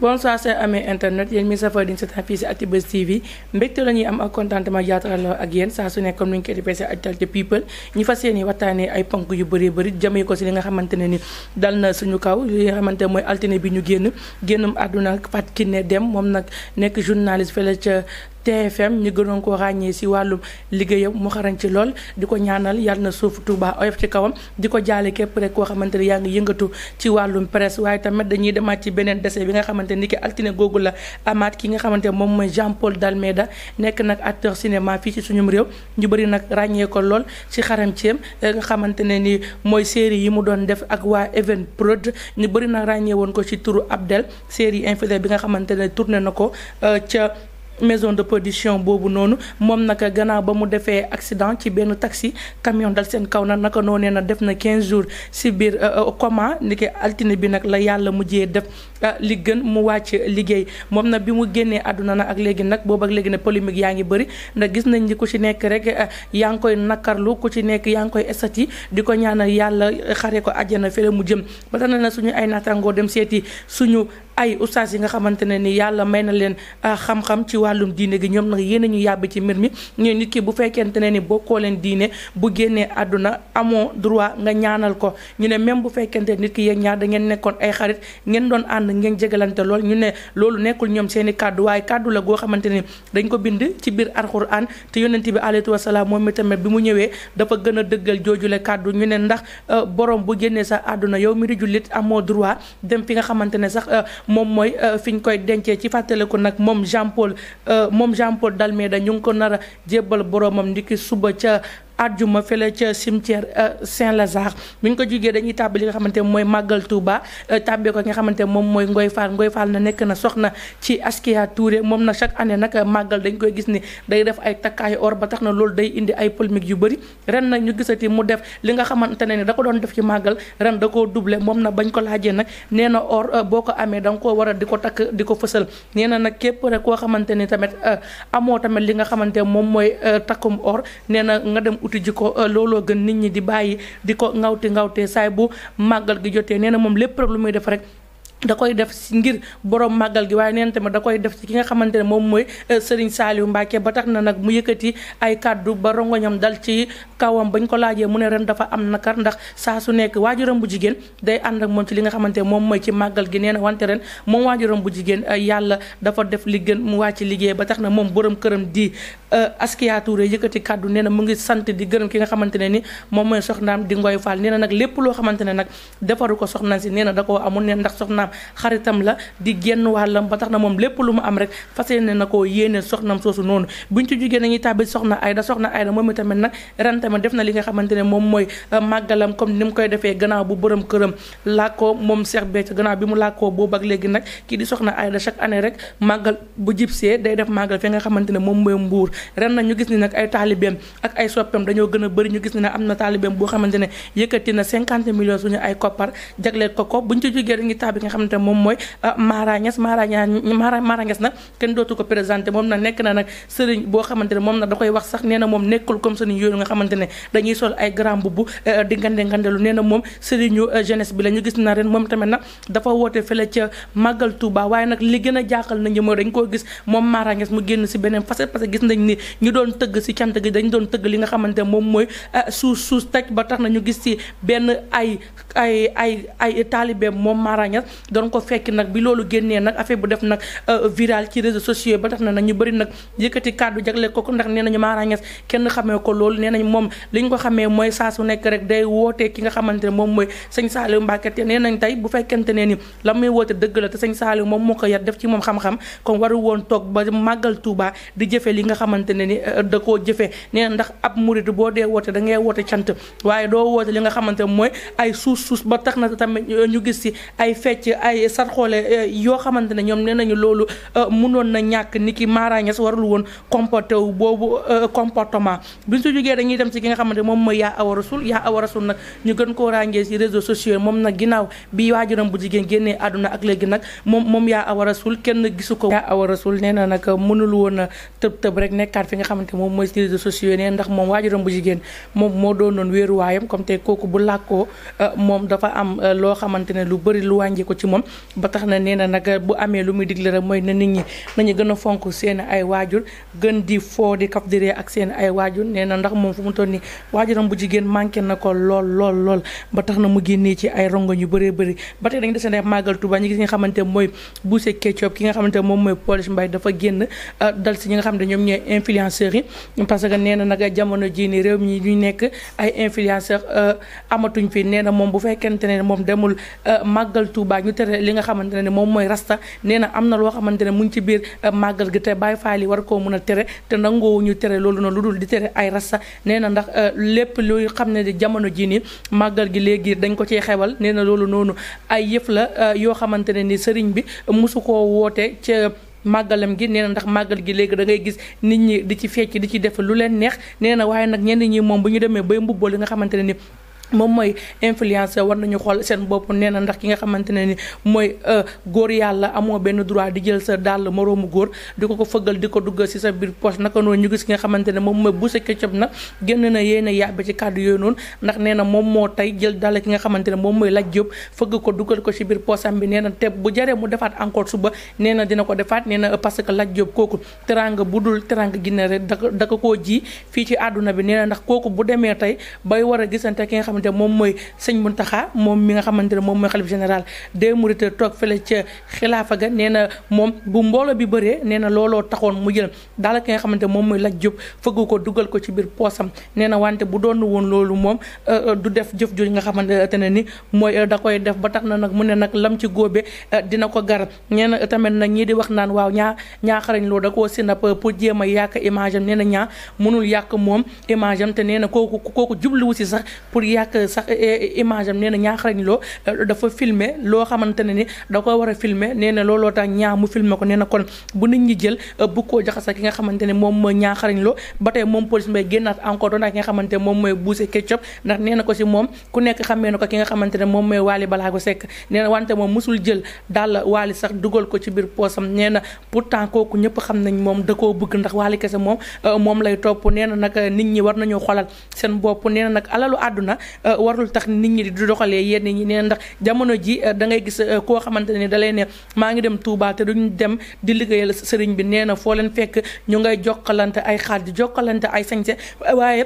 bonsoir seen amee internet yéen mi safar diñ seetaan fii si Actubuzz TV mbégte la am ak contentement yaataraloo ak yéen saa su nekk comme ni ñu koy defee si actualité people ñu fas yéene waxtaanee ay ponk yu bëri bëri jëmee ko si li nga xamante ne ni dal na suñu kaw li nga xamante mooy altine bi ñu génn génnum àdduna Fatou Kiné Dème moom nag nekk journaliste fële ca TFM ñu gënoon ko ràññee si wàllum liggéeyam mu xarañ ci lool di ko ñaanal yal na suuf tubaa oyof ci kawam di ko jaale képp rek koo xamante ne yaa ngi yëngatu ci wàllum presse waaye tamit dañuy demaat ci beneen décès bi nga xamante ni ki altine googu la amaat ki nga xamante moom mooy Jean Paul Dalméda nekk nag acteur cinéma fii ci suñum réew ñu bëri nag ràññee ko lool ci xaram ceem eh, nga xamante ne ni mooy série yi mu doon def ak waa Even Prod ñu bëri na ràññee woon ko ci turu Abdel série infidèle bi nga xamante ne tourné na ko eh, ca maison de production boobu noonu moom naka gannaaw ba mu defee accident ci benn taxi camion dal seen kaw na naka noonee na def na 15 jours si biir euh, euh, coma ni ki altine bi nag la yàlla mujjee def euh, li gën mu wàcc liggéey moom na bi mu génnee àdduna na ak léegi nag boobu ak léegi nag polémique yaa ngi bëri ndax gis nañ ni ku ci nekk rek yaa ngi koy nakarlu ku ci nekk yaa ngi koy estati di ko ñaanal yàlla xare ko àjjana fee mu jëm ba tax na suñu ay naataangoo dem seeti suñu. ay ustaas yi nga xamante ne ni yàlla may na leen ah, xam-xam ci wàllum diine gi ñoom nag yéen a ñu yàbb ci mbir mi ñooy nit ki bu fekkente ne ni bokkoo leen diine bu génnee àdduna amoo droit nga ñaanal ko ñu ne même bu fekkente nit ki yéen ñaar da ngeen nekkoon ay xarit ngeen doon ànd ngeen jégalante lool ñu ne loolu nekkul ñoom seeni i kàddu waaye kàddu la goo xamante ne dañ ko bind ci biir alxuraan te yonent bi alayhi wasalaam moom tamit bi mu ñëwee dafa gën a dëggal joojule kàddu ñu ndax ah, borom bu génnee sa àdduna yow mi di jullit amoo droit dem moom mooy euh, fi ñu koy dencee ci fàttaliku nag moom Jean Paul euh, moom Jean Paul Dalméda ñu ngi ko nar a jébbal boromam ndiki suba ca àjjuma fële ca cimetière euh, Saint-Lazare bi ñu ko jugee dañuy tàbb li nga xamante ne mooy màggal Touba euh, tàbbee ko nga xamante ne moom mooy Ngoy Fall Ngoy Fall na nekk na soxna ci Askia Touré moom na chaque année nag màggal dañ koy gis ni day def ay takkaayu or ba tax na loolu day indi ay yu bëri ren ñu gisati mu def li nga xamante ne ni da doon def ci màggal ren da koo moom na bañ ko laajee nag nee na or euh, boo ko amee da war a di ko takk di ko fësal nee na nag képp rek koo xamante ni tamit amoo tamit li nga xamante moom mooy takkum or nee na nga dem wuti ji ko euh, looloo gën nit ñi di bàyyi di ko ngawti ngawtee saay bu màggal gi jotee nee na moom lépp rek lu muy def rek da koy def si ngir borom màggal gi waaye neen tamit da koy def si ki nga xamante ne moom mooy euh, Serigne Saliou Mbacke ba tax na nag mu yëkkati ay kàddu ba rongoñam dal ci kawam bañ ko laajee mu ne ren dafa am nakar ndax saa su nekk waajuram bu jigéen day ànd ak moom ci xamante ne moom mooy ci màggal gi nee na wante ren moom waajuram bu jigéen euh, yàlla dafa def li gën mu wàcc liggéey ba tax na moom borom këram di euh, Askia Touré yëkkati kàddu nee na mu ngi sant di gërëm ki nga xamante ne ni moom mooy soxnaam di Ngoy Fall nee na nag lépp loo xamante ne nag defaru ko soxnaam si nee na da koo amul nee ndax soxnaam xaritam la di genn wàllam ba tax na moom lépp lu mu am rek fas yéene na koo yéene soxnam soosu noonu buñ ci jugee nañuy tàbbi soxna Aida soxna Aida moom itamit nag ren tamit def na li nga xamante ne moom mooy euh, màggalam comme ni mu koy defee gannaaw bu borom këram làkkoo moom a na taalibeem na 50 millions suñu ay koppar nga xam xamante moom mooy ah, Mara Niass Mara Mara Niass nag kenn dootu ko présenté moom na nekk na nag sëriñ boo xamante ne moom nag da koy wax sax nee na moom nekkul comme sëriñ yooyu nga xamante ne dañuy sol ay grand boubou eh, di ngande ngandelu nee na moom sëriñu eh, jeunesse bi la ñu gis na ren moom tamit nag dafa woote fële ca màggal Touba waaye nag li gën a jaaxal nañu mooy dañ koo gis moom Mara Niass mu génn si beneen facette parce que gis nañ ni ñu doon tëgg si cant gi dañ doon tëgg li nga xamante moom mooy suus suus taj ba tax na ñu gis si benn ay ay ay ay taalibe moom Mara doon ko fekk nag bi loolu génnee nag affaire bu def nag euh, viral ci réseaux sociaux ba tax na nag ñu bëri nag yëkkati kàddu jagle ko ndax nee nañu Mara Niass kenn xamee ko loolu nee nañ moom li ñu ko xamee mooy saa su nekk rek day wootee ki nga xamante ne moom mooy sëñ Saliou Mbacké te nee nañ tey bu fekkente ne ni la muy woote dëgg la sëñ Saliou moom moo ko yar def moom xam-xam kon woon toog ba màggal Touba di jëfe li nga xamante ne ni euh, da koo jëfee nee na ndax ab murid boo dee woote da ngay woote cant waaye doo woote li nga xamante mooy ay suus suus ba tax na tamit euh, ñu gis ci ay fecc ay sarxoole euh, yoo xamante ne ñoom nee nañu loolu euh, mënoon na ñàkk ni ki maarañes warul woon comporté wu boobu euh, comportement bi ñu su jógee dañuy dem si ki nga xamante moom mooy yaa awa rasul yaa awa rasul nag ñu gën koo ràññee si réseaux sociaux moom nag ginnaaw bi waajuram bu jigéen génnee àdduna ak léegi nag moom moom yaa awa rasul kenn gisu ko yaa awa rasul nee na nag mënul woon a tëb tëb rek nekkaat fi nga xamante moom mooy si réseaux sociaux nee ndax moom waajuram bu jigéen moom moo doonoon wéeruwaayam comme te kooku bu làkkoo moom dafa am loo xamante ne lu bëri lu wàññi ko ci moom ba tax na nee na nag bu amee lu muy digle rek mooy na nit ñi nañu gën a fonk seen ay waajur gën di foo di ak seen ay waajur nee na ndax moom fu mu toll nii waajuram ba tax ba tey dañu ne màggal Tuuba ñi gis nga mooy Bousse Ketchup ki nga xamante moom mooy Pawlish Mbaye dafa génn ah, ne ñoom ñooy influenceurs yi parce ah, amatuñ fi nee moom bu fekkente ne moom demul ah, màggal Tuuba tere li nga xamante ne moom mooy rasta nee na am na loo xamante ne mu ngi ci biir euh, màggal gi te bàyyi Faal li war ko mën a tere te nangoowu ñu tere loolu na lu dul di tere ay rasta nee na ndax euh, lépp luy xam ne jamono ji ni màggal gi léegi dañ ko cee xewal nee na loolu noonu ay yëf la euh, yoo xamante ne ni sëriñ bi mosu koo woote ca màggalam gi nee na ndax màggal gi léegi dangay gis nit ñi di ci fecc di ci def lu leen neex nee na waaye nag ñenn ñi moom bu ñu demee bay mbubboo li nga xamante ne ni moom mooy influenceur war nañu xool seen bopp nee na ndax ki nga xamante ne ni mooy euh, góor yàlla amoo benn droit di jël sa dàll moroomu góor di ko ko fëggal di ko duggal ci sa biir poche naka noonu ñu gis ki nga xamante ne moom mooy Boucher Ketchup nag génn na yéen a yàbbe ci kàddu moo tey jël dàll ki nga xamante ne moom mooy Lat Diop fëgg ko duggal ko ci biir poche am bi nee na te bu jaree mu defaat encore suba nee na dina ko defaat nee na parce que Lat Diop kooku teranga bu dul teranga Guinée rek da da ko koo ji fii ci àdduna bi nee na ndax kooku bu demee tey bay war a gisante ki nga xamante moom mooy sëñ Muntaxa moom mi nga xamante ne moom mooy xalif général des mourides toog fële ca xilaafa ga nee moom bu mbooloo bi bëree nee na looloo taxoon mu jël daal ki nga xamante moom mooy Lat Diop fëgg ko dugal ko ci biir poosam nee na wante bu doon woon loolu moom euh, euh, du def jëf jooju nga xamante ne ni mooy euh, da koy def ba tax na nag mu ne nag lam ci góobe dina ko garab nee na tamit nag ñi di wax naan waaw ñaa ñaa xarañ loo da koo sinap pour jéem a yàq image nee na ñaa mënul yàq moom image am te nee na kooku kooku jubluwu si sax pour yàq nag sax eh, eh, image am nee na ñaaxarañ loo eh, dafa filmer loo xamante ne ni da ko war a filmer nee na looloo tax ñaa mu filmer ko nee na kon bu nit ñi jël bu koo jaxasa ki nga xamante ne moom mooy ñaaxarañ loo ba tey moom police mbay génnaat encore doon ki nga xamante ne moom mooy buuse ketchup ndax nee na ko si moom ku nekk xamee na ko ki nga xamante ne moom mooy waali ko sekk nee wante moom musul jël daal waali sax dugal ko ci biir poosam nee na pourtant kooku ñëpp xam nañ moom da koo bëgg ndax waali kese moom moom lay topp nee na nag nit ñi war nañoo xolal seen bopp nee na nag alalu àdduna Euh, warul tax nit ñi di doxalee yenn ñi nee ndax jamono ji euh, da ngay gis euh, koo xamante ne da lay ne maa ngi dem Touba te duñ dem di liggéeyal sëriñ bi nee na foo leen fekk ñu ngay jokkalante ay xaaj di jokkalante ay sañse waaye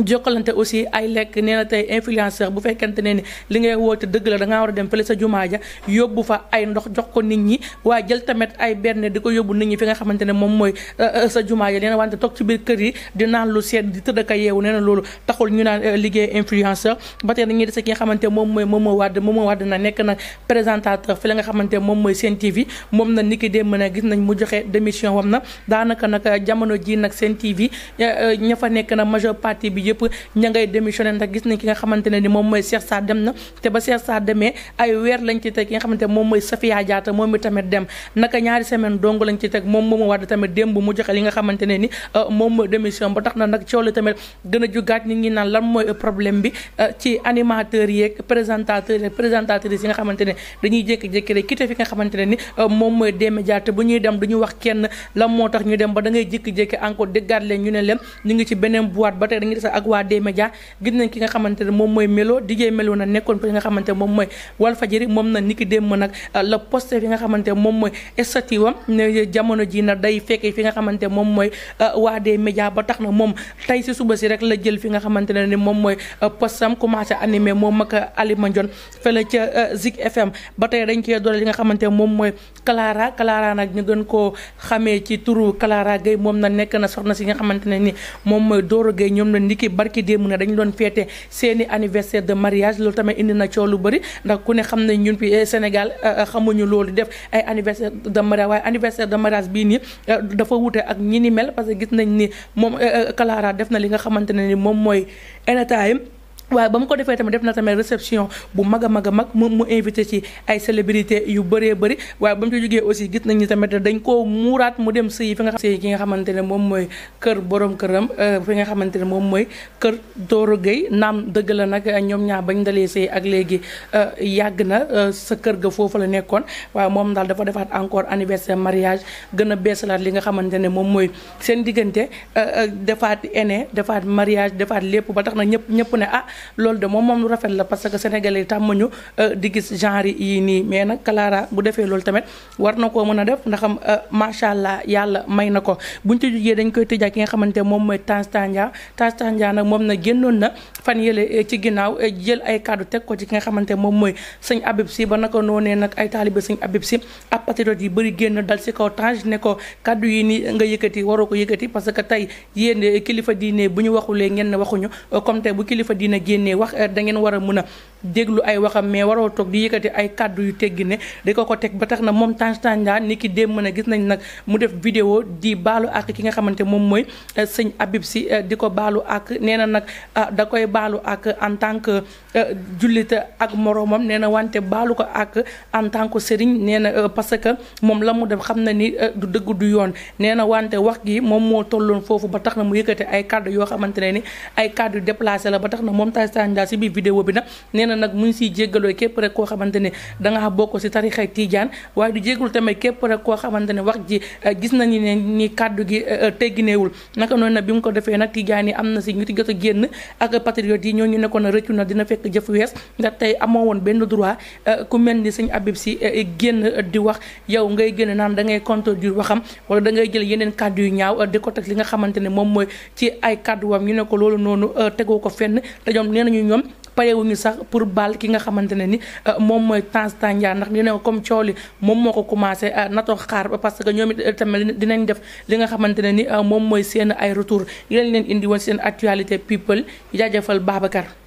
jokkalante aussi ay lekk nee na tey influenceur bu te ne ni li ngay woote dëgg la da ngaa war a dem fële sa jumaa ja yóbbu fa ay ndox jox ko nit ñi waaye jël tamit ay benn di ko yóbbu nit ñi fi nga xamante ne moom mooy euh, euh, sa jumaa ja nee na wante toog ci biir kër yi di naan lu sedd di tëdd ka yeewu nee na loolu taxul ñu naan euh, liggéey influenceur ba tey dañuy dese ki nga xamante moom mooy moom moo wàdd moom moo wàdd na nekk nag présentateur fi la nga xamante moom mooy Sen TV moom na ni ki démb na gis nañ mu joxe démission wam na daanaka nag jamono ji nag Sen TV ña fa nekk na majeure partie bi bi yëpp ña ngay démissionné ndax gis nañ ki nga xamante ni moom mooy Cheikh Sarr dem na te ba Cheikh Sarr demee ay weer lañ ci teg ki nga xamante ni euh, moom mooy démission ba bi euh, ci yi nga xamante ne dañuy jékki-jékki rek quitté fi nga xamante ne ni euh, D-Média te bu ñuy dem duñu wax kenn lan moo tax ñu dem ba da ngay jékki-jékki encore déggaat leen ñu ne leen ñu ngi ci beneen boîte ba tey dañuy des ak waa D-Media gis nañ ki nga xamante ne moom mooy Melo DJ Melo na nekkoon fa nga xamante ne moom mooy Walfadjri moom na niki démb nag euh, la poste fi nga xamante ne moom mooy statiwam ne jamono ji na day fekkee fi nga xamante ne moom mooy euh, waa D-Media ba tax na moom tey si suba si rek la jël fi nga xamante ne ni moom mooy euh, postam commencé animé moom ak Alima Ndione fële ca Zik FM ba tey dañ koy doole li nga xamante ne moom mooy Clara Clara nag ñu gën koo xamee ci turu Clara moom na nekk na soxna si nga xamante ne ni moom mooy Doro Gueye ñoom la niki ki barki démb ne dañu doon féete seeni anniversaire de mariage loolu tamit indi na coow lu bëri ndax ku ne xam ne ñun fi eh, Sénégal eh, eh, xamuñu loolu def ay anniversaire de mariage waaye anniversaire de mariage bii nii dafa wute ak ñi ni mel parce que gis nañ ni moom Clara def na li nga xamante ne ni moom mooy en waaye ba mu ko defee tamit def na tamit réception bu mag a mag a mag mu mu invité ci ay célébrité yu bëree bëri waaye ba mu ci aussi gis nañ ni tamit dañ koo muuraat mu dem sëyi fi nga sëyi ki nga xamante ne moom mooy kër boroom këram euh, fi nga xamante ne moom mooy kër Doro Gueye naam dëgg la nag ñoom ñaar bañ dalee sëy ak léegi euh, yàgg na euh, sa kër ga foofu la nekkoon waaye moom daal dafa defaat encore anniversaire mariage gën a beesalaat li nga xamante ne moom mooy seen diggante defaat aîné defaat mariage defaat lépp ba tax na ñëpp ñëpp ne ah loolu de moom moom lu rafet la parce que sénégalais yi tàmmuñu euh, di gis genre yi nii mais nag Clara bu defee loolu tamit war na koo mën a def ndaxam euh, macha allah yàlla may na ko buñ ci jugee dañ koy tëj ki nga xamante moom mooy Tange Tandian Tange Tandian nag moom na génnoon na fan yële euh, ci ginnaaw jël ay kàddu teg ki nga xamante moom mooy sëñ Abib si ba naka noonee nag ay taalibe sëñ Abib si ab patriote yi bëri génn dal si kaw Tange ne ko kaddu yi nii nga yëkkati waroo ko yëkkati parce que tey yéen kilifa diine bu ñu waxulee ngeen ne waxuñu comme bu kilifa diine génnee wax euh, da ngeen war a mën a déglu ay waxam mais waroo toog di yëkkati ay kàddu yu teggi di ko ko teg ba tax na moom Tange Tandian ni ki démb na gis nañ nag mu def vidéo di baalu ak ki nga xamante moom mooy eh, sëñ Habib si eh, di ko baalu ak nee na nag ah, da koy baalu ak en tant que eh, jullit ak moroomam nee na wante baalu ko ak en tant que sëriñ nee na parce que moom la mu def xam na ni du dëgg yoon nee na wante wax gi moom moo tolloon foofu ba tax na mu yëkkati ay kàddu yoo xamante ne ni ay kàddu déplacé la ba tax na moom Tange si biir vidéo bi nag nee na nag mu ngi si jéggaloo képp rek koo xamante ne da nga bokk si tarixay Tijaan waaye du jéggalu tamit képp rek koo xamante ne wax ji eh, gis nañu ne ni kàddu gi eh, eh, teggineewul naka noonu nag bi mu ko defee nag Tijaan yi am na si ñu ti jot génn ak patriotes yi ñooñu nekkoon rëccu na dina fekk jëf wees nga tey amoo woon benn droit ku mel ni sëñ Abib si génn di wax yow ngay génn naan da ngay contredire waxam wala da ngay jël yeneen kàddu yu ñaaw di ko teg li nga xamante ne moom mooy ci ay kàdduwam ñu ne ko loolu noonu tegoo ko fenn te ñoom nee nañu ñoom parewuñu sax pour bal ki nga xamante ne ni euh, moom mooy Tange Tandian ndax dina comme coow li moom moo ko commencé euh, nato xaar parce que ñoom it euh, tamit dinañ def li nga xamante ne ni moom mooy seen ay retour yi leen leen indi woon seen actualité people jaajëfal Babacar